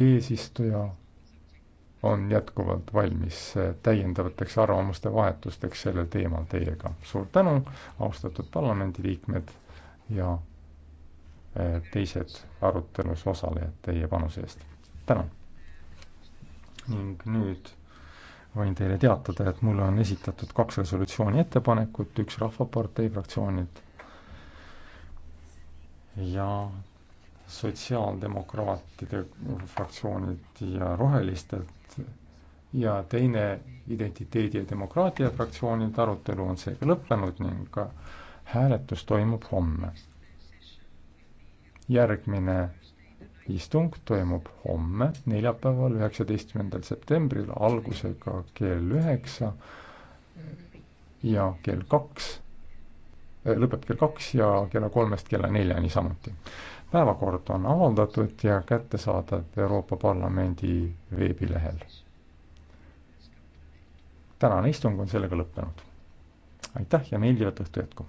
eesistuja on jätkuvalt valmis eh, täiendavateks arvamuste vahetusteks sellel teemal teiega. suur tänu, austatud parlamendiliikmed ja eh, teised arutelus osalejad teie panuse eest. tänan! ning nüüd võin teile teatada, et mulle on esitatud kaks resolutsiooni ettepanekut, üks Rahvapartei fraktsioonilt ja sotsiaaldemokraatide fraktsioonilt ja rohelistelt ja teine identiteedi ja demokraatia fraktsioonilt. arutelu on seega lõppenud ning hääletus toimub homme. järgmine istung toimub homme, neljapäeval, üheksateistkümnendal septembril algusega kell üheksa ja kell kaks, lõpeb kell kaks ja kella kolmest kella neljani samuti päevakord on avaldatud ja kättesaadav Euroopa Parlamendi veebilehel. tänane istung on sellega lõppenud. aitäh ja meeldivat õhtu jätku!